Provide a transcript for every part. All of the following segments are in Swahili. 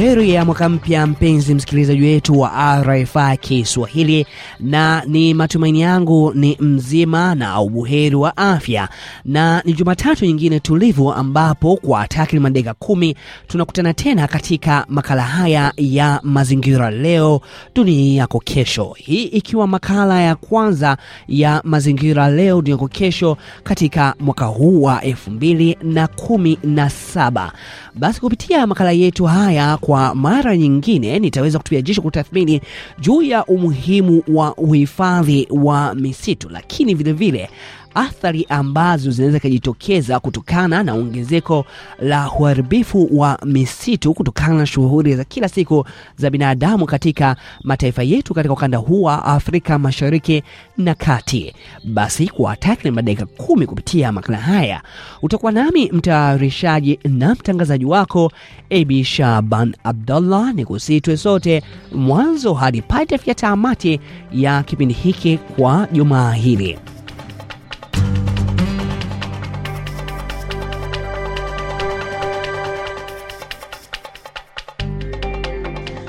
heri ya mwaka mpya, mpenzi msikilizaji wetu wa rfa Kiswahili, na ni matumaini yangu ni mzima na ubuheri wa afya, na ni Jumatatu nyingine tulivu ambapo kwa takriban dakika kumi tunakutana tena katika makala haya ya mazingira, leo dunia yako kesho, hii ikiwa makala ya kwanza ya mazingira, leo dunia yako kesho, katika mwaka huu wa 217 Basi kupitia makala yetu haya kwa kwa mara nyingine nitaweza kutupia jicho kutathmini juu ya umuhimu wa uhifadhi wa misitu, lakini vilevile vile, athari ambazo zinaweza ikajitokeza kutokana na ongezeko la uharibifu wa misitu kutokana na shughuli za kila siku za binadamu katika mataifa yetu katika ukanda huu wa Afrika Mashariki na Kati. Basi kwa takriban dakika kumi kupitia makala haya utakuwa nami mtayarishaji na mtangazaji wako Abi Shaban Abdullah, ni kusitwe sote mwanzo hadi pale tamati ya kipindi hiki kwa jumaa hili.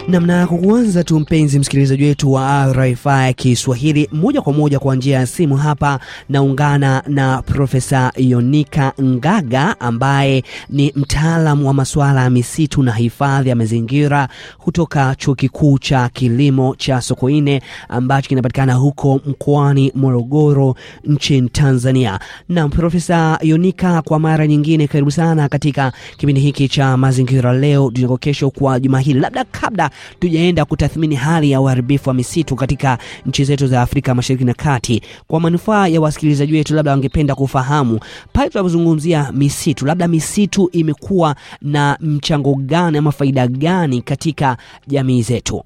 Namna kuanza tu, mpenzi msikilizaji wetu wa ya Kiswahili, moja kwa moja kwa njia ya simu hapa, naungana na Profesa Yonika Ngaga ambaye ni mtaalamu wa masuala ya misitu na hifadhi ya mazingira kutoka Chuo Kikuu cha Kilimo cha Sokoine ambacho kinapatikana huko mkoani Morogoro nchini Tanzania. Na Profesa Yonika, kwa mara nyingine, karibu sana katika kipindi hiki cha Mazingira Leo Dunia Kesho kwa juma hili, labda kabla tujaenda kutathmini hali ya uharibifu wa misitu katika nchi zetu za Afrika Mashariki na Kati. Kwa manufaa ya wasikilizaji wetu, labda wangependa kufahamu pale tunapozungumzia misitu, labda misitu imekuwa na mchango gani ama faida gani katika jamii zetu?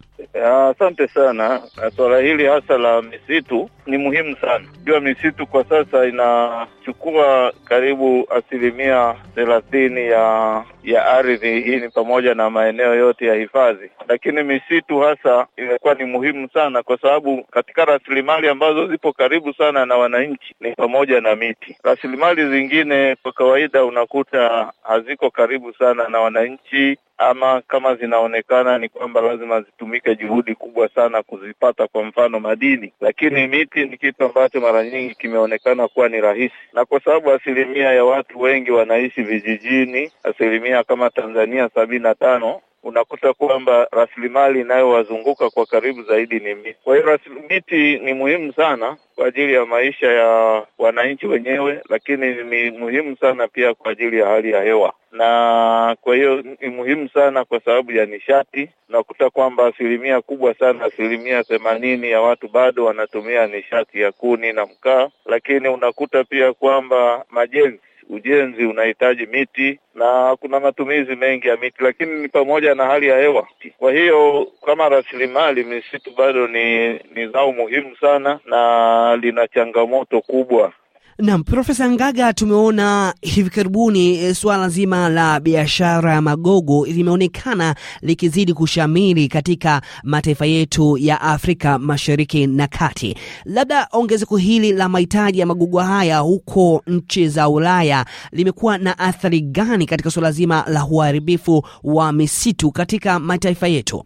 Asante sana. Swala hili hasa la misitu ni muhimu sana. Jua misitu kwa sasa inachukua karibu asilimia thelathini ya ya ardhi. Hii ni pamoja na maeneo yote ya hifadhi, lakini misitu hasa imekuwa ni muhimu sana, kwa sababu katika rasilimali ambazo zipo karibu sana na wananchi ni pamoja na miti. Rasilimali zingine kwa kawaida unakuta haziko karibu sana na wananchi ama kama zinaonekana ni kwamba lazima zitumike juhudi kubwa sana kuzipata, kwa mfano madini. Lakini miti ni kitu ambacho mara nyingi kimeonekana kuwa ni rahisi, na kwa sababu asilimia ya watu wengi wanaishi vijijini, asilimia kama Tanzania sabini na tano unakuta kwamba rasilimali inayowazunguka kwa karibu zaidi ni miti. Kwa hiyo miti ni muhimu sana kwa ajili ya maisha ya wananchi wenyewe, lakini ni muhimu sana pia kwa ajili ya hali ya hewa, na kwa hiyo ni muhimu sana kwa sababu ya nishati. Unakuta kwamba asilimia kubwa sana, asilimia themanini ya watu bado wanatumia nishati ya kuni na mkaa, lakini unakuta pia kwamba majenzi ujenzi unahitaji miti na kuna matumizi mengi ya miti, lakini ni pamoja na hali ya hewa. Kwa hiyo kama rasilimali, misitu bado ni, ni zao muhimu sana na lina changamoto kubwa Nam Profesa Ngaga, tumeona hivi karibuni eh, suala zima la biashara ya magogo limeonekana likizidi kushamiri katika mataifa yetu ya Afrika Mashariki na Kati. Labda ongezeko hili la mahitaji ya magogo haya huko nchi za Ulaya limekuwa na athari gani katika suala zima la uharibifu wa misitu katika mataifa yetu?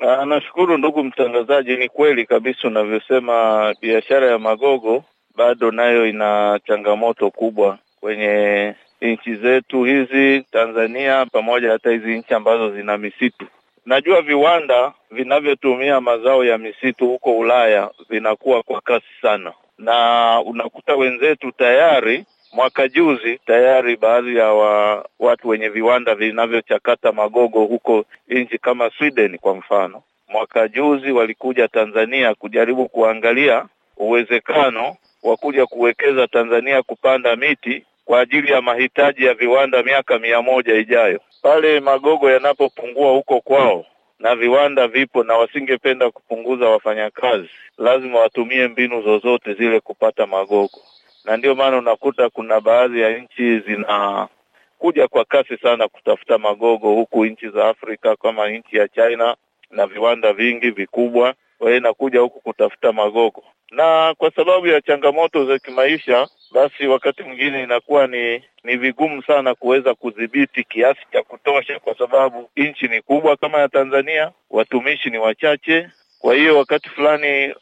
Ah, nashukuru ndugu mtangazaji, ni kweli kabisa unavyosema, biashara ya magogo bado nayo ina changamoto kubwa kwenye nchi zetu hizi Tanzania, pamoja hata hizi nchi ambazo zina misitu. Najua viwanda vinavyotumia mazao ya misitu huko Ulaya vinakuwa kwa kasi sana, na unakuta wenzetu tayari mwaka juzi tayari baadhi ya wa, watu wenye viwanda vinavyochakata magogo huko nchi kama Sweden kwa mfano, mwaka juzi walikuja Tanzania kujaribu kuangalia uwezekano wa kuja kuwekeza Tanzania kupanda miti kwa ajili ya mahitaji ya viwanda miaka mia moja ijayo. Pale magogo yanapopungua huko kwao na viwanda vipo na wasingependa kupunguza wafanyakazi, lazima watumie mbinu zozote zile kupata magogo, na ndio maana unakuta kuna baadhi ya nchi zinakuja kwa kasi sana kutafuta magogo, huku nchi za Afrika kama nchi ya China na viwanda vingi vikubwa, wao inakuja huku kutafuta magogo na kwa sababu ya changamoto za kimaisha, basi wakati mwingine inakuwa ni ni vigumu sana kuweza kudhibiti kiasi cha kutosha, kwa sababu nchi ni kubwa kama ya Tanzania, watumishi ni wachache. Kwa hiyo wakati fulani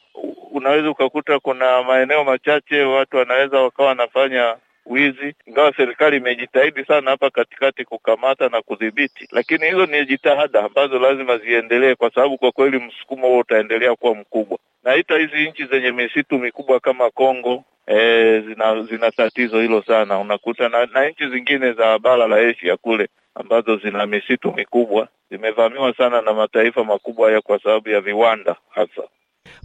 unaweza ukakuta kuna maeneo machache watu wanaweza wakawa wanafanya wizi, ingawa serikali imejitahidi sana hapa katikati kukamata na kudhibiti, lakini hizo ni jitihada ambazo lazima ziendelee, kwa sababu kwa kweli msukumo huo utaendelea kuwa mkubwa naita hizi nchi zenye misitu mikubwa kama Kongo e, zina zina tatizo hilo sana. Unakuta na, na nchi zingine za bara la Asia kule ambazo zina misitu mikubwa zimevamiwa sana na mataifa makubwa haya kwa sababu ya viwanda hasa.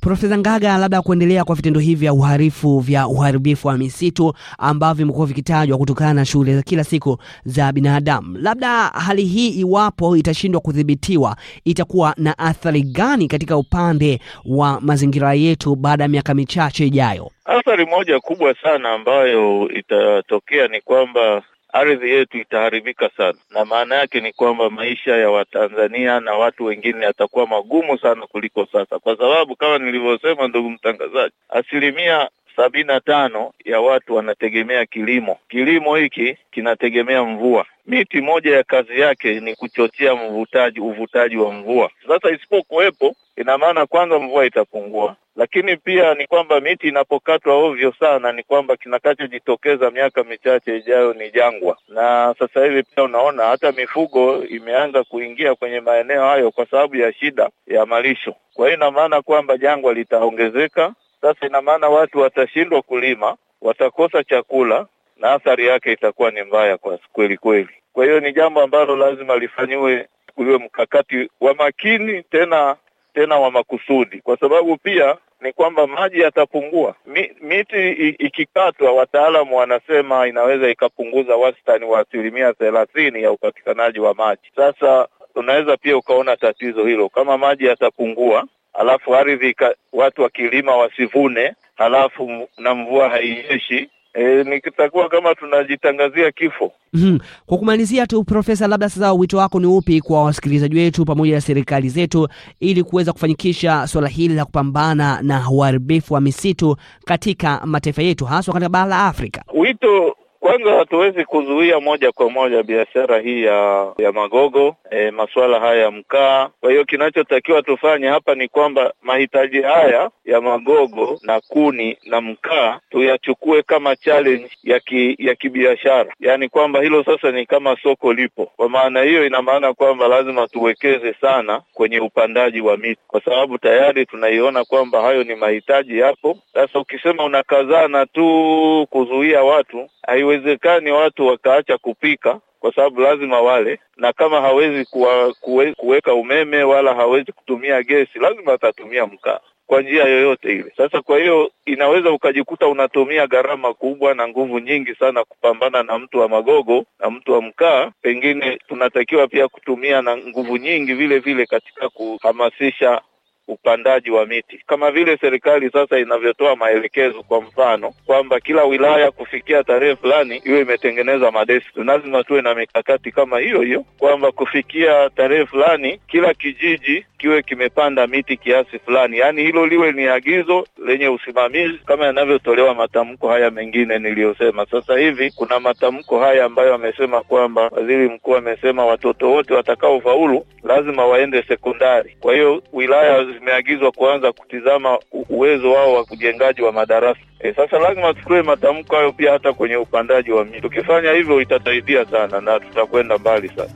Profesa Ngaga, labda kuendelea kwa vitendo hivi vya uharifu vya uharibifu wa misitu ambavyo vimekuwa vikitajwa kutokana na shughuli za kila siku za binadamu, labda hali hii iwapo itashindwa kudhibitiwa itakuwa na athari gani katika upande wa mazingira yetu baada ya miaka michache ijayo? Athari moja kubwa sana ambayo itatokea ni kwamba ardhi yetu itaharibika sana, na maana yake ni kwamba maisha ya Watanzania na watu wengine yatakuwa magumu sana kuliko sasa, kwa sababu kama nilivyosema, ndugu mtangazaji, asilimia sabini na tano ya watu wanategemea kilimo. Kilimo hiki kinategemea mvua. Miti moja ya kazi yake ni kuchochea mvutaji, uvutaji wa mvua. Sasa isipokuwepo, ina maana kwanza mvua itapungua, lakini pia ni kwamba miti inapokatwa ovyo sana, ni kwamba kinakachojitokeza miaka michache ijayo ni jangwa. Na sasa hivi pia unaona hata mifugo imeanza kuingia kwenye maeneo hayo kwa sababu ya shida ya malisho. Kwa hiyo ina maana kwamba jangwa litaongezeka sasa ina maana watu watashindwa kulima, watakosa chakula na athari yake itakuwa ni mbaya kwa kweli kweli. Kwa hiyo ni jambo ambalo lazima lifanyiwe uwe mkakati wa makini tena tena wa makusudi, kwa sababu pia ni kwamba maji yatapungua. Mi, miti ikikatwa, wataalamu wanasema inaweza ikapunguza wastani wa asilimia thelathini ya upatikanaji wa maji. Sasa unaweza pia ukaona tatizo hilo kama maji yatapungua alafu ardhi watu wakilima wasivune, halafu na mvua haiyeshi E, nikitakuwa kama tunajitangazia kifo. Mm-hmm. Kwa kumalizia tu Profesa, labda sasa wito wako ni upi kwa wasikilizaji wetu pamoja na serikali zetu ili kuweza kufanikisha suala hili la kupambana na uharibifu wa misitu katika mataifa yetu haswa katika bara la Afrika? Wito kwanza hatuwezi kuzuia moja kwa moja biashara hii ya ya magogo e, masuala haya ya mkaa. Kwa hiyo kinachotakiwa tufanye hapa ni kwamba mahitaji haya ya magogo na kuni na mkaa tuyachukue kama challenge ya ki, ya kibiashara, yaani kwamba hilo sasa ni kama soko lipo. Kwa maana hiyo, ina maana kwamba lazima tuwekeze sana kwenye upandaji wa miti, kwa sababu tayari tunaiona kwamba hayo ni mahitaji yapo. Sasa ukisema unakazana tu kuzuia watu haiwe haiwezekani watu wakaacha kupika kwa sababu lazima wale, na kama hawezi kuwa, kuwe, kuweka umeme wala hawezi kutumia gesi, lazima atatumia mkaa kwa njia yoyote ile. Sasa kwa hiyo inaweza ukajikuta unatumia gharama kubwa na nguvu nyingi sana kupambana na mtu wa magogo na mtu wa mkaa. Pengine tunatakiwa pia kutumia na nguvu nyingi vile vile katika kuhamasisha upandaji wa miti kama vile serikali sasa inavyotoa maelekezo, kwa mfano kwamba kila wilaya kufikia tarehe fulani iwe imetengeneza madeski. Lazima tuwe na mikakati kama hiyo hiyo, kwamba kufikia tarehe fulani kila kijiji kiwe kimepanda miti kiasi fulani, yaani hilo liwe ni agizo lenye usimamizi kama yanavyotolewa matamko haya mengine niliyosema. Sasa hivi kuna matamko haya ambayo amesema kwamba waziri mkuu amesema watoto wote watakaofaulu lazima waende sekondari, kwa hiyo wilaya zimeagizwa kuanza kutizama uwezo wao wa ujengaji wa madarasa. E, sasa lazima tuchukue matamko hayo pia hata kwenye upandaji wa miti. Tukifanya hivyo itasaidia sana na tutakwenda mbali sana.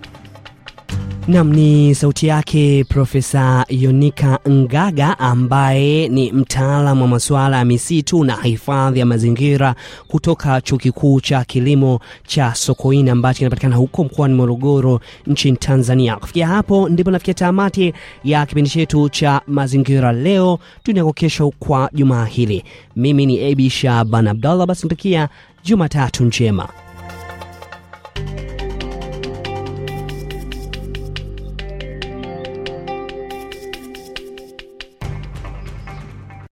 Nam ni sauti yake Profesa Yonika Ngaga ambaye ni mtaalamu wa masuala ya misitu na hifadhi ya mazingira kutoka Chuo Kikuu cha Kilimo cha Sokoine ambacho kinapatikana huko mkoani Morogoro nchini Tanzania. Kufikia hapo ndipo nafikia tamati ya kipindi chetu cha mazingira leo tunako kesho kwa jumaa hili. Mimi ni Abi Shaban Abdallah, basi natakia Jumatatu njema.